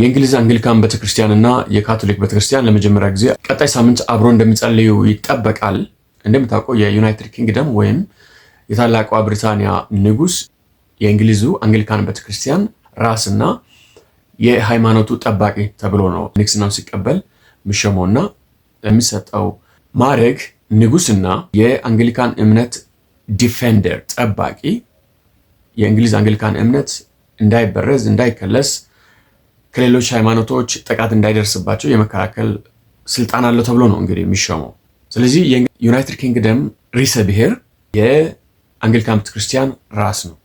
የእንግሊዝ አንግሊካን ቤተክርስቲያንና የካቶሊክ ቤተክርስቲያን ለመጀመሪያ ጊዜ ቀጣይ ሳምንት አብሮ እንደሚጸልዩ ይጠበቃል። እንደምታውቀው የዩናይትድ ኪንግደም ወይም የታላቋ ብሪታንያ ንጉስ የእንግሊዙ አንግሊካን ቤተክርስቲያን ራስና የሃይማኖቱ ጠባቂ ተብሎ ነው ንግስናውን ሲቀበል የሚሾመውና የሚሰጠው ማዕረግ ንጉስና የአንግሊካን እምነት ዲፌንደር ጠባቂ የእንግሊዝ አንግሊካን እምነት እንዳይበረዝ እንዳይከለስ ከሌሎች ሃይማኖቶች ጥቃት እንዳይደርስባቸው የመከላከል ስልጣን አለው ተብሎ ነው እንግዲህ የሚሾመው። ስለዚህ ዩናይትድ ኪንግደም ርዕሰ ብሔር የአንግሊካን ቤተክርስቲያን ራስ ነው።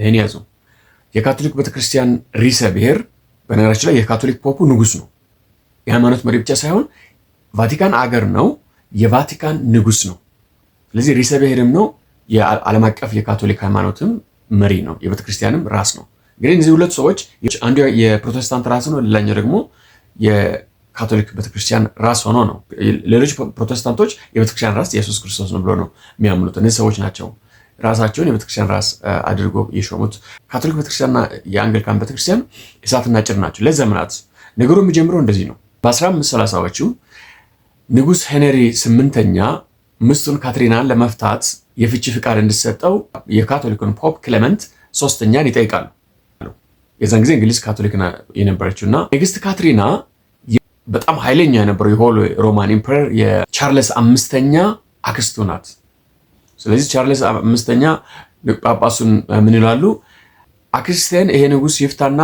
ይህን ያዙ። የካቶሊክ ቤተክርስቲያን ርዕሰ ብሔር በነገራችን ላይ የካቶሊክ ፖፑ ንጉስ ነው። የሃይማኖት መሪ ብቻ ሳይሆን ቫቲካን አገር ነው፣ የቫቲካን ንጉስ ነው። ስለዚህ ርዕሰ ብሔርም ነው። የዓለም አቀፍ የካቶሊክ ሃይማኖትም መሪ ነው። የቤተክርስቲያንም ራስ ነው። እንግዲህ እነዚህ ሁለት ሰዎች አንዱ የፕሮቴስታንት ራስ ነው፣ ሌላኛው ደግሞ የካቶሊክ ቤተክርስቲያን ራስ ሆኖ ነው። ሌሎች ፕሮቴስታንቶች የቤተክርስቲያን ራስ ኢየሱስ ክርስቶስ ነው ብሎ ነው የሚያምኑት። እነዚህ ሰዎች ናቸው ራሳቸውን የቤተክርስቲያን ራስ አድርጎ የሾሙት። ካቶሊክ ቤተክርስቲያንና የአንግሊካን ቤተክርስቲያን እሳትና ጭድ ናቸው ለዘመናት። ነገሩ የሚጀምረው እንደዚህ ነው። በ1530ዎቹ ንጉስ ሄነሪ ስምንተኛ ምስቱን ካትሪናን ለመፍታት የፍቺ ፍቃድ እንዲሰጠው የካቶሊኩን ፖፕ ክሌመንት ሶስተኛን ይጠይቃሉ። የዛን ጊዜ እንግሊዝ ካቶሊክ የነበረችው እና ንግስት ካትሪና በጣም ኃይለኛ የነበረው የሆል ሮማን ኢምፐረር የቻርለስ አምስተኛ አክስቱ ናት። ስለዚህ ቻርለስ አምስተኛ ጳጳሱን ምን ይላሉ? አክስቴን ይሄ ንጉስ ይፍታና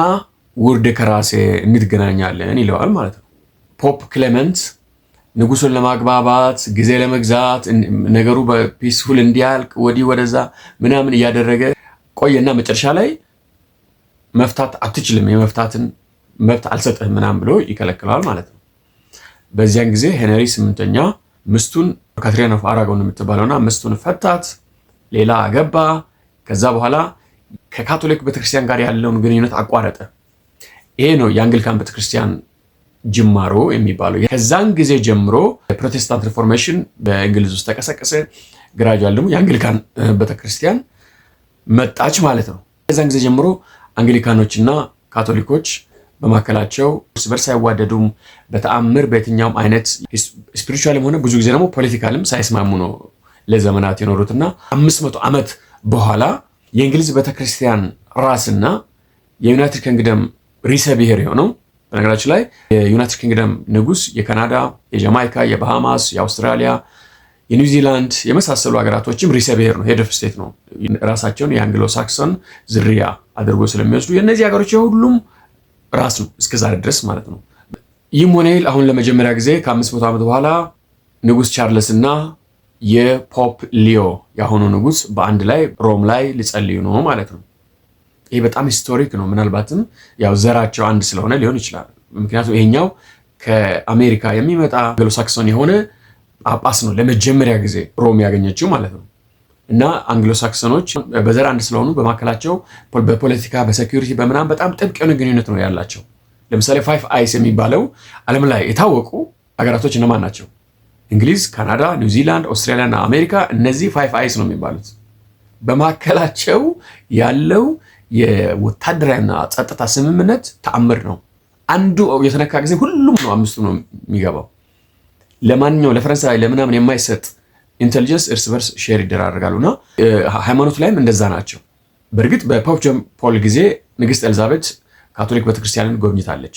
ውርድ ከራሴ እንትገናኛለን ይለዋል ማለት ነው። ፖፕ ክሌመንት ንጉሱን ለማግባባት ጊዜ ለመግዛት ነገሩ በፒስፉል እንዲያልቅ ወዲህ ወደዛ ምናምን እያደረገ ቆየና መጨረሻ ላይ መፍታት አትችልም፣ የመፍታትን መብት አልሰጥህም ምናምን ብሎ ይከለክለዋል ማለት ነው። በዚያን ጊዜ ሄነሪ ስምንተኛ ምስቱን ካትሪን ኦፍ አራጎን የምትባለውና ምስቱን ፈታት፣ ሌላ አገባ። ከዛ በኋላ ከካቶሊክ ቤተክርስቲያን ጋር ያለውን ግንኙነት አቋረጠ። ይሄ ነው የአንግሊካን ቤተክርስቲያን ጅማሮ የሚባለው። ከዛን ጊዜ ጀምሮ የፕሮቴስታንት ሪፎርሜሽን በእንግሊዝ ውስጥ ተቀሰቀሰ። ግራጃል ደግሞ የአንግሊካን ቤተክርስቲያን መጣች ማለት ነው። ከዛን ጊዜ ጀምሮ አንግሊካኖችና ካቶሊኮች በመካከላቸው እርስ በርስ አይዋደዱም በተአምር በየትኛውም አይነት ስፒሪቹዋልም ሆነ ብዙ ጊዜ ደግሞ ፖለቲካልም ሳይስማሙ ነው ለዘመናት የኖሩትና አምስት መቶ ዓመት በኋላ የእንግሊዝ ቤተክርስቲያን ራስና የዩናይትድ ኪንግደም ርዕሰ ብሔር የሆነው በነገራችን ላይ የዩናይትድ ኪንግደም ንጉስ የካናዳ፣ የጃማይካ፣ የባሃማስ፣ የአውስትራሊያ፣ የኒውዚላንድ የመሳሰሉ ሀገራቶችም ርዕሰ ብሔር ነው፣ ሄድ ኦፍ ስቴት ነው። ራሳቸውን የአንግሎ ሳክሰን ዝርያ አድርጎ ስለሚወስዱ የእነዚህ ሀገሮች የሁሉም ራስ ነው እስከዛሬ ድረስ ማለት ነው። ይህም ሆነ ይል አሁን ለመጀመሪያ ጊዜ ከአምስት መቶ ዓመት በኋላ ንጉስ ቻርለስ እና የፖፕ ሊዮ የአሁኑ ንጉስ በአንድ ላይ ሮም ላይ ሊጸልዩ ነው ማለት ነው። ይህ በጣም ሂስቶሪክ ነው። ምናልባትም ያው ዘራቸው አንድ ስለሆነ ሊሆን ይችላል። ምክንያቱም ይሄኛው ከአሜሪካ የሚመጣ አንግሎ ሳክሶን የሆነ ጳጳስ ነው ለመጀመሪያ ጊዜ ሮም ያገኘችው ማለት ነው። እና አንግሎሳክሰኖች በዘር አንድ ስለሆኑ በማካከላቸው በፖለቲካ በሴኩሪቲ በምናም በጣም ጥብቅ የሆነ ግንኙነት ነው ያላቸው። ለምሳሌ ፋይፍ አይስ የሚባለው ዓለም ላይ የታወቁ አገራቶች እነማን ናቸው? እንግሊዝ፣ ካናዳ፣ ኒውዚላንድ፣ ኦስትራሊያ እና አሜሪካ። እነዚህ ፋይፍ አይስ ነው የሚባሉት። በማካከላቸው ያለው የወታደራዊና ጸጥታ ስምምነት ተአምር ነው። አንዱ የተነካ ጊዜ ሁሉም ነው አምስቱ ነው የሚገባው። ለማንኛውም ለፈረንሳይ ለምናምን የማይሰጥ ኢንቴሊጀንስ እርስ በርስ ሼር ይደራረጋሉ እና ሃይማኖት ላይም እንደዛ ናቸው። በእርግጥ በፖፕ ጆን ፖል ጊዜ ንግስት ኤልዛቤት ካቶሊክ ቤተክርስቲያንን ጎብኝታለች።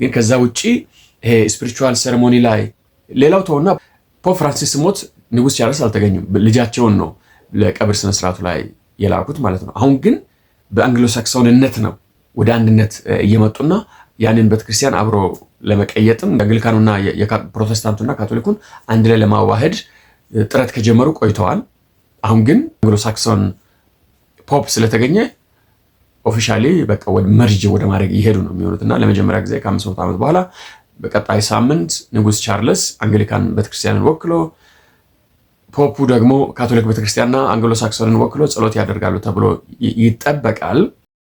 ግን ከዛ ውጭ ይሄ ስፒሪቹዋል ሴሬሞኒ ላይ ሌላው ተውና ፖፕ ፍራንሲስ ሞት ንጉስ ቻርልስ አልተገኙም። ልጃቸውን ነው ለቀብር ስነስርዓቱ ላይ የላኩት ማለት ነው። አሁን ግን በአንግሎ ሳክሶንነት ነው ወደ አንድነት እየመጡና ያንን ቤተክርስቲያን አብሮ ለመቀየጥም የአንግሊካኑና ፕሮቴስታንቱና ካቶሊኩን አንድ ላይ ለማዋሄድ ጥረት ከጀመሩ ቆይተዋል። አሁን ግን አንግሎ ሳክሶን ፖፕ ስለተገኘ ኦፊሻሊ በቃ ወደ መርጅ ወደ ማድረግ እየሄዱ ነው የሚሆኑት እና ለመጀመሪያ ጊዜ ከአምስት መቶ ዓመት በኋላ በቀጣይ ሳምንት ንጉስ ቻርልስ አንግሊካን ቤተክርስቲያንን ወክሎ ፖፑ ደግሞ ካቶሊክ ቤተክርስቲያንና አንግሎ ሳክሶንን ወክሎ ጸሎት ያደርጋሉ ተብሎ ይጠበቃል።